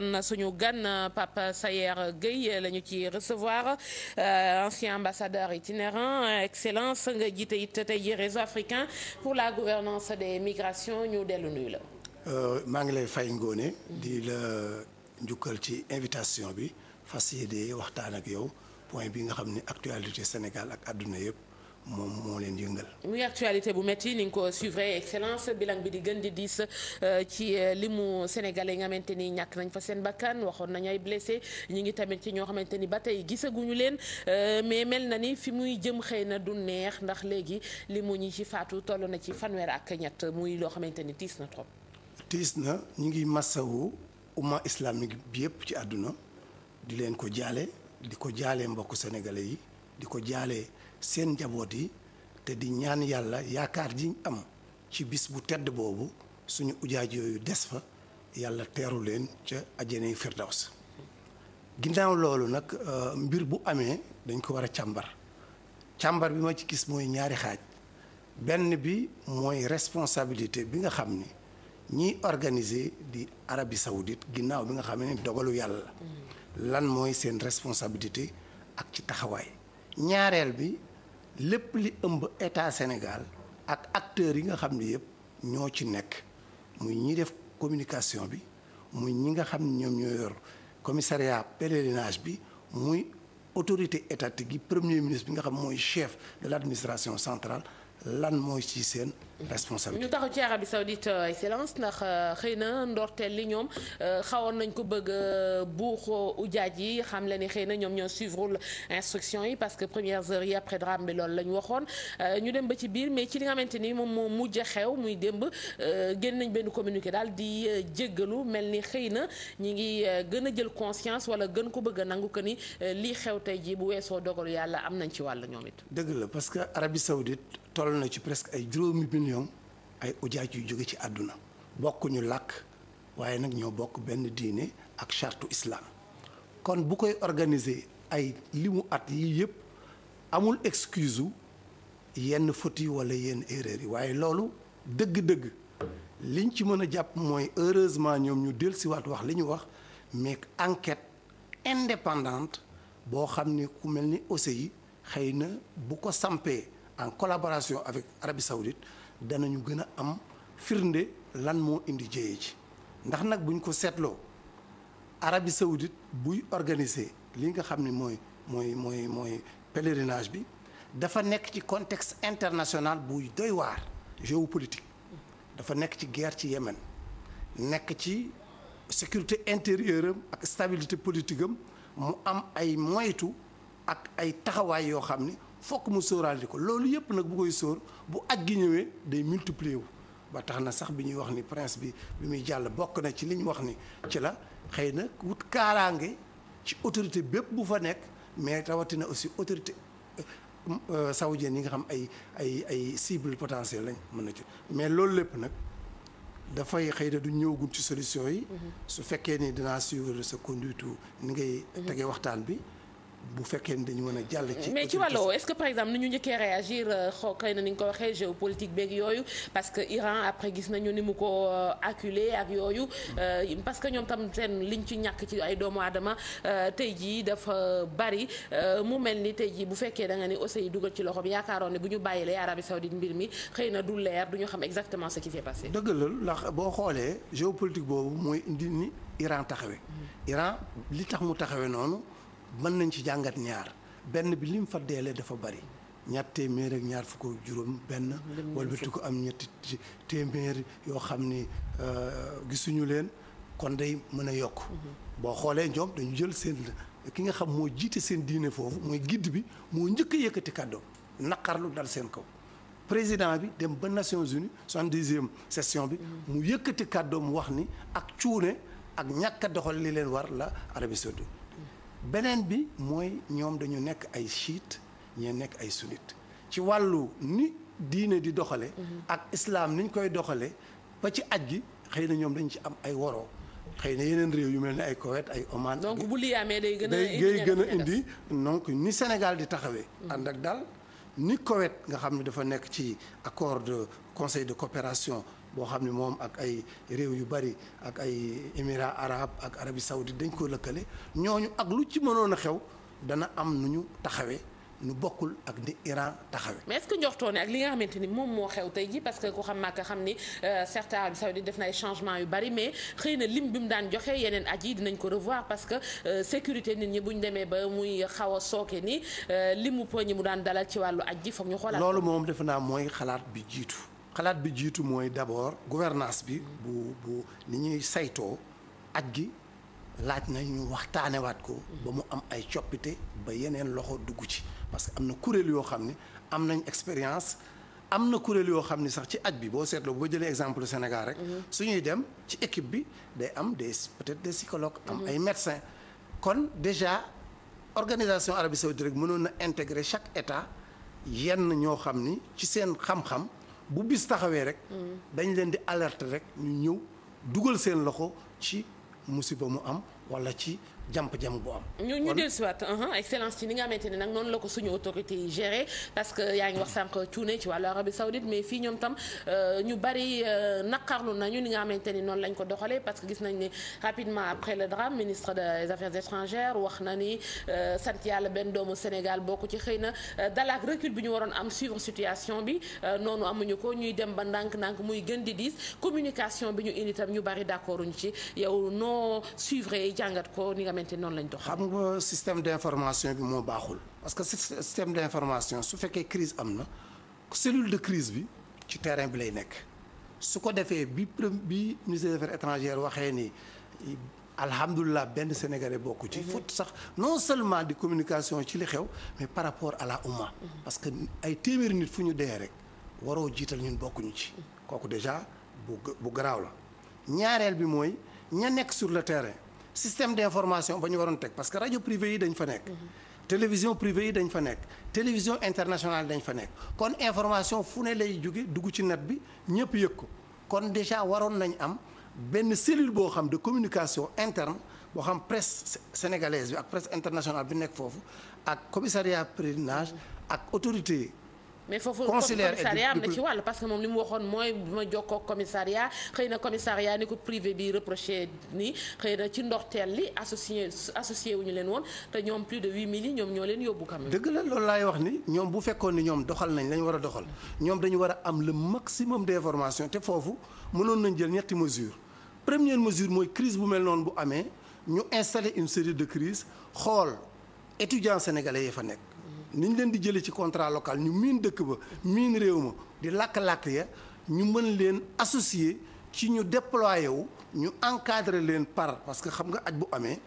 kon suñu gan euh, Papa Sayer Gueye la ñu ci recevoir euh, ancien ambassadeur itinérant excellence nga jiite it tey ji réseau africain pour la gouvernance des migrations ñu dellu nuyu la. Euh, maa ngi lay fay ngoone di la njukkal ci invitation bi fas yéene waxtaan ak yow point bi nga xam ni actualité Sénégal ak àdduna yëpp. moom moo leen yëngal. muy actualité bu métti ni nga ko suivre excellence bilan bi di gën di diis euh, ci euh, limu sénégalais nga xamante ni ñàkk nañ fa seen bakkan waxoon nañu ay blessé ñu ngi tamit ci ñoo xamante ni ba tey gisaguñu leen euh, mais mel na ni fi muy jëm xëy na du neex ndax léegi limu ñi ci faatu toll na ci fanweer ak ñett muy loo xamante ni tiis na trop. tiis na ñu ngi massawu umma islamique bi yëpp ci àdduna di leen ko jaale di ko jaale mbokk sénégalais yi di ko jaale. seen njaboot yi te di ñaan yàlla yaakaar jiñ am ci bis bu tedd boobu suñu ujaaj yooyu des fa yàlla teeru leen ca ajjanay firdaws ginnaaw loolu nag euh, mbir bu amee dañ ko war a càmbar càmbar bi ma ci gis mooy ñaari xaaj benn bi mooy responsabilité bi nga xam ni ñiy organiser di arabi Saoudite ginnaaw bi nga xam ne dogalu yàlla mm. lan mooy seen responsabilité ak ci taxawaay ñaareel bi lépp li ëmb état Sénégal ak acteurs yi nga xam ni yëpp ñoo ci nekk muy ñi def communication bi muy ñi nga xam ñoom ñoo yor commissariat pèlerinage bi muy autorité étatique yi premier ministre bi nga xam mooy chef de l'administration centrale lan mooy ci seen responsabilité ñu taxu ci Arabie Saoudite euh, excellence ndax euh, xëy na ndorteel li ñoom euh, xawoon nañ ko bëgg buux ujaaj yi xam le ni xëy na ñoom ñoo suivre instruction yi parce que premières heures yi après drame bi loolu lañu waxoon ñu dem ba ci biir mais ci li nga xamante ni moom moo mujj xew muy démb génn nañ benn communiqué daal di jéggalu mel ni xëy na ñi ngi gën a jël conscience wala gën ko bëgg nangu que ni lii xew tey jii bu weesoo dogalu yàlla am nañ ci wàlla ñoom it dëgg la parce que Arabie Saoudite toll ci presque ay juróomi ñoom ay ujaaj yu jóge ci àdduna bokkuñu làkk waaye nag ñoo bokk benn diine ak chartu islam kon bu koy organiser ay limu at yii yëpp amul excuse yenn fautes yi wala yenn erreurs yi waaye loolu dëgg-dëgg liñ ci mën a jàpp mooy heureusement ñoom ñu dellusiwaat wax li ñu wax mais enquête indépendante boo xam ne ku mel ni OCI yi xëy na bu ko sampee en collaboration avec Arabie Saoudite danañu gën a am firnde lan moo indi jéye ji ndax nag buñ ko seetloo Arabie Saoudite buy organiser li nga xam ni mooy mooy mooy mooy pèlerinage bi dafa nekk ci contexte international buy doy waar géopolitique dafa nekk ci guerre ci Yémen nekk ci sécurité intérieure am ak stabilité politique am mu am ay moytu ak ay taxawaay yoo xam ni fokk mu sóoraal di ko loolu yëpp nag bu koy sóor bu ak gi ñëwee day multiplier wu ba tax na sax bi ñuy wax ni prince bi bi muy jàll bokk na ci liñ wax ni ci la xëy na wut kaaraange ci autorité bépp bu fa nekk mais rawatina aussi autorité euh, euh, saoudienne yi nga xam ay ay ay cible potentielle lañ mën na ci mais loolu lépp nag dafay xëy na du ñëwagum ci solution yi mm-hmm. su fekkee ni dinaa suivre sa conduite ni ngay mm-hmm. tege waxtaan bi bu fekkee ni dañu mën a jàll ci mais ci wàllu est-ce que par exemple ni ñu njëkkee réagir euh, xoo xëy na ni ñu ko waxee géopolitique beeg yooyu parce que Iran après gis nañu ni mu ko euh, acculé ak yooyu euh, parce que ñoom tam seen liñ ci ñàkk ci ay doomu aadama tey jii dafa bari mu mel ni tey jii bu fekkee da nga ni aussi dugal ci loxoom yaakaaroon ne bu ñu bàyyilee Arabie Saoudite mbir mi xëy na du leer du ñu xam exactement ce qui s'est passé. dëgg la ndax boo xoolee géopolitique boobu mooy indi ni Iran taxawee. Mm. Iran li tax mu taxawee noonu. mën nañ ci jàngat ñaar benn bi lim fa deelee dafa bari ñaar téeméer ak ñaar fukk ak juróom benn walbati ko am ñetti téeméer yoo xam ni euh, gisuñu leen kon day mën a yokk mm-hmm. boo xoolee ñoom dañu jël seen ki nga xam moo jiite seen diine foofu mooy gidd bi moo njëkk yëkkati kàddoom naqarlu dal seen kaw président bi dem ba Nations Unies soixante-dixième session bi mm-hmm. mu yëkkati kàddoom wax ni ak cuune ak ñàkk doxal li leen war la Arabie Saoudite beneen bi mooy ñoom dañu nekk ay chiite ñee nekk ay sunnite ci wàllu ni diine di doxale mhm. ak islam niñ koy doxale ba ci aj gi xëy na ñoom dañu ci am ay woroo xëy na yeneen réew yu mel ni ay Koweït ay Oman. bu lii amee day gën a indi donc ni Sénégal di taxawee. Mhm. ànd ak dal ni Koweït nga xam ne dafa nekk ci accord de conseil de coopération boo xam ni moom ak ay réew yu bari ak ay émirats arabes ak Arabie saoudite dañ ko lëkkale ñooñu ak lu ci mënoon a xew dana am nu ñu taxawee nu bokkul ak ni Iran taxawee. mais est-ce que njortoone ak li nga xamante ni moom moo xew tey ji parce que ku xam màkk xam ni euh, certes Arabie Saoudite def na ay changements yu bari mais xëy na lim bi mu daan joxe yeneen at yi dinañ ko revoir parce que euh, sécurité nit ñi bu demee ba muy xaw a sooke ni euh, limu po ñi mu daan dalal ci wàllu at ji foog ñu xoolaat. loolu moom defe naa mooy xalaat bi jiitu. xalaat bi jiitu mooy d'abord gouvernance bi bu bu ni ñuy saytoo at gi. laaj na ñu waxtaanewaat ko ba mu am ay coppite ba yeneen loxo dugg ci parce que am na kuréel yoo xam ne am nañ expérience am na kuréel yoo xam ne sax ci aj bi boo seetloo boo jëlee exemple Sénégal rek mhm. suñuy dem ci équipe bi day am des peut-être des psychologues am mhm. ay médecins kon déjà organisation Arabie Saoudite rek mënoon na intégrer chaque état yenn ñoo xam ni ci seen xam-xam bu bis taxawee rek mhm. dañ leen di alerte rek ñu ñëw dugal seen loxo ci musiba mu am wala ci jàmp-jàmp bu am. ñu ñu dellusiwaat uh-huh, excellence ci ni nga xamante ne nag noonu la ko suñu autorité yi géré parce que yaa ngi wax sànq cuune ci wàllu Arabie Saoudite mais fii ñoom tam euh, ñu bari euh, naqarlu nañu ni nga xamante ni noonu lañ ko doxalee parce que gis nañ ne rapidement après le drame ministre des affaires étrangères wax na ni euh, sant yàlla benn doomu Sénégal bokku ci xëy na dalaak recul bi ñu waroon am suivre situation bi noonu amuñu ko ñuy dem ba ndànk-ndànk xamante noonu lañ dox xam nga système d'information bi moo baaxul parce que système d'information su fekkee crise am na cellule de crise bi ci terrain bi lay nekk su ko defee bi bi ministre des affaires étrangères waxee ni alhamdulilah benn sénégalais bokku ci mhm. foot sax non seulement di communication ci li xew mais par rapport à la umma mhm. parce que ay téeméeri nit fu ñu dee rek waroo jiital ñun bokkuñu ci mhm. kooku déjà bu bu garaaw la ñaareel bi mooy ña nekk sur le terrain système d'information ba ñu waroon teg parce que rajo privé yi dañ fa nekk. Mhm. télévision privée yi dañ fa nekk télévision internationale dañ fa nekk kon information fu ne lay jóge dugg ci net bi ñëpp yëg ko kon déjà waroon nañ am benn cellule boo xam de communication interne boo xam presse sénégalaise bi ak presse internationale bi nekk foofu ak commissariat pèlerinage ak autorité mais foofu eh, commissariat am na ci wàll parce que moom li mu waxoon mooy bi ma jokkoo commissariat xëy na commissariat ni ko privé bi reproché ni xëy na ci ndox ndorteel li associé associé wuñu leen woon te ñoom plus de huit mille yi ñoom ñoo leen yóbbu quand même dëgg la loolu laay wax ni ñoom bu fekkoon ni ñoom doxal nañ lañu war a doxal ñoom dañu war a am le maximum d'information te foofu mënoon nañ jël ñetti mesure première mesure mooy crise bu mel noonu bu amee ñu installer une série de crises xool étudiants sénégalais yi fa nekk ni ñu leen di jëlee ci contrat local ñu miin dëkk ba miin réew ma di làkk-làkk ya ñu mën leen associer ci ñu déployer ñu encadrer leen par parce que xam nga aj bu amee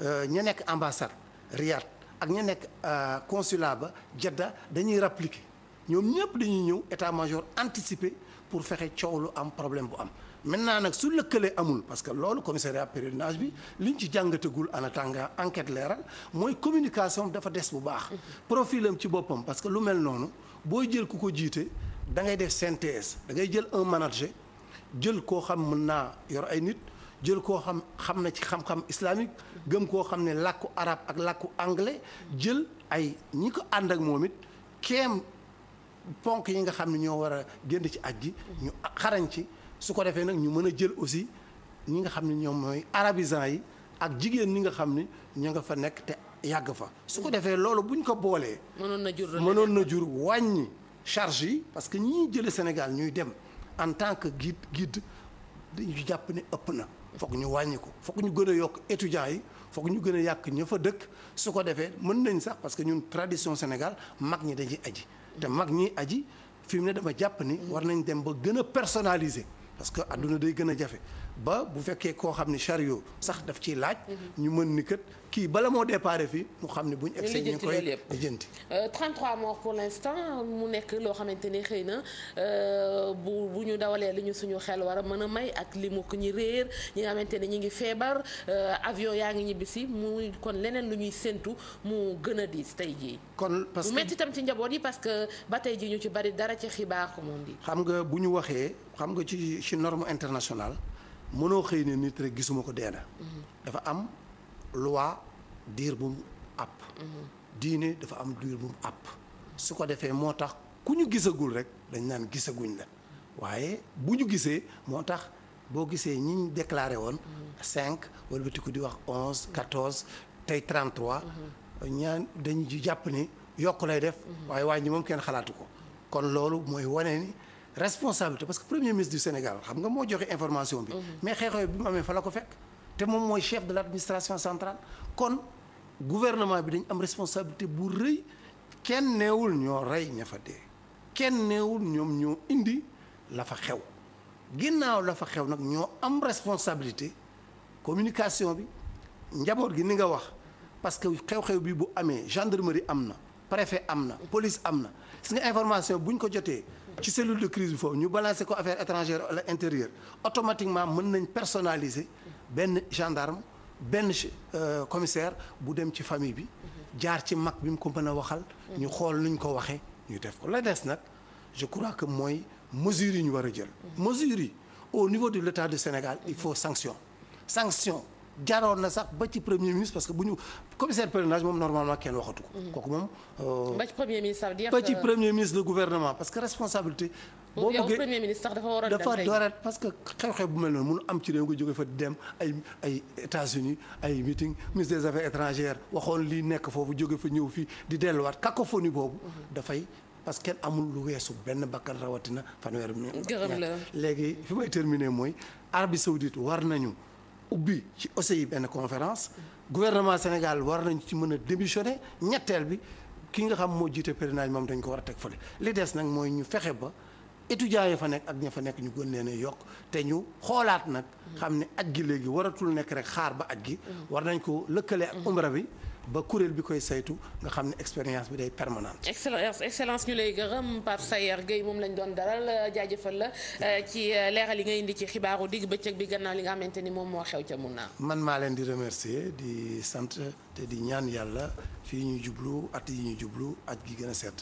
euh, ña nekk ambassade Riyad ak ña nekk euh, consulat ba Jeddah dañuy rappliquer ñoom ñëpp dañuy ñëw état major anticiper pour fexe coow lu am problème bu am maintenant nag su lëkkale amul parce que loolu commissariat pèlerinage bi li ñu ci jàngatagul en attendant enquête leeral mooy communication dafa des bu baax. profil ci boppam parce que lu mel noonu booy jël ku ko jiite dangay def synthèse dangay jël un manager jël koo xam mën naa yor ay nit. jël koo xam xam na ci xam-xam islamique gëm koo xam ne làkku arab ak làkku anglais jël ay ñi ko ànd ak moom it keem ponk yi nga xam ne ñoo war a génn ci aj ji ñu xarañ ci su ko defee nag ñu mën a jël aussi ñi nga xam ne ñoom mooy arabisants yi ak jigéen ñi nga xam ni ñu nga fa nekk te yàgg fa su ko defee loolu buñ ko boolee mënoon na jur mënoon na jur wàññi charge yi parce que ñi jële Sénégal ñuy dem en tant que guide guide dañu jàpp ne ëpp na foog ñu wàññi ko foog ñu gën a yokk étudiants yi foog ñu gën a yàq ña fa dëkk su ko defee mën nañ sax parce que ñun tradition Sénégal mag ñi dañuy aji te mag ñi aji fi mu ne dama jàpp ni war nañ dem ba gën a personnaliser parce que àdduna day gën a jafe ba bu fekkee koo xam ne chariot sax daf ciy laaj. Mhm. ñu mën ni kat kii bala moo déparé fii ñu xam ne buñ. excès ñu koy lijjanti 33 euh, morts pour l'instant mu nekk loo xamante ni xëy na euh, bu bu ñu dawalee li ñu suñu xel war a mën a may ak li mu ko réer ñi nga xamante ne ñu ngi feebar euh, avion yaa ngi ñibbisi muy kon leneen lu ñuy séentu mu gën a diis tey jii. kon parce que mu tam ci njaboot yi parce que ba tey jii ñu ci bari dara ci xibaar ko moom di. xam nga bu ñu waxee xam nga ci ci norme internationale. mënoo xëy ne nit gisuma ko dee na dafa am loi diir bu mu àpp diine dafa am diir bu mu àpp su ko defee moo tax ku ñu gisagul rek dañ naan gisaguñ la waaye bu ñu gisee moo tax boo gisee ñi ñu déclaré woon cinq wala batiku di wax onze quatorze tey trente-trois ñaan dañu jàpp ni yokk lay def mm-hmm. waaye wàññi moom kenn xalaatu ko kon loolu mooy wane ni responsabilité parce que premier ministre du Sénégal xam nga moo joxe information bi. Mhm. mais xeexoo bi mu amee fa la ko fekk. te moom mooy chef de l' administration centrale kon gouvernement bi dañ am responsabilité bu rëy kenn neewul ñoo rey ña fa dee kenn neewul ñoom ñoo indi la fa xew ginnaaw la fa xew nag ñoo am responsabilité communication bi njaboot gi ni nga wax parce que xew-xew bi bu amee gendarmerie am na. préfet am na police am na gis nga information bu ñu ko jotee ci cellule de crise bi foofu ñu balancer ko affaire étrangère wala intérieur automatiquement mën nañ personnaliser benn gendarme benn euh, commissaire bu dem ci famille bi jaar ci mag bi mu ko mën a waxal ñu xool nuñ ko waxee ñu def ko la des nag je crois que mooy mesures yi ñu war a jël mesures yi au niveau de l'État de Sénégal il faut sanction sanction jaroon na sax ba ci premier ministre parce que bu ñu commissaire pèlerinage moom normalement kenn waxatu ko. Mhm. kooku moom. Euh, ba ci premier ministre ba ci parce que responsabilité. boo bëggee sax dafa war a dem dafa parce que xew-xew bu mel noonu mënu am ci réew nga jóge fa dem ay ay États-Unis ay meeting ministre des affaires étrangères waxoon lii nekk foofu jóge fa ñëw fi di delluwaat cacophonie boobu. Mhm. dafay parce que kenn amul lu weesu benn bakkan rawatina fanweer. gërëm la léegi fi may terminer mooy Arabie Saoudite war nañu. ubbi ci OCI benn conférence gouvernement Sénégal war nañ ci mën a démissionner ñetteel bi ki nga xam moo jiite pérénage moom dañ ko war a teg fële li des nag mooy ñu fexe ba étudiants yi fa nekk ak ña fa nekk ñu gën leen yokk te ñu xoolaat nag xam ne aj gi léegi waratul nekk rek xaar ba aj gi mm. war nañ ko lëkkalee ak umra bi ba kuréel bi koy saytu nga xam ne expérience bi day permanente. excellence excellence ñu lay gërëm par Sayer Gueye moom lañ doon daral jaajëfal la euh, ci euh, leeral yi nga indi ci xibaaru digg bëccëg bi gannaaw li nga xamante ni moom moo xew ca mun naa. man maa leen di remercier di sant te di ñaan yàlla fii ñu jublu at yi ñu jublu at gi gën a set.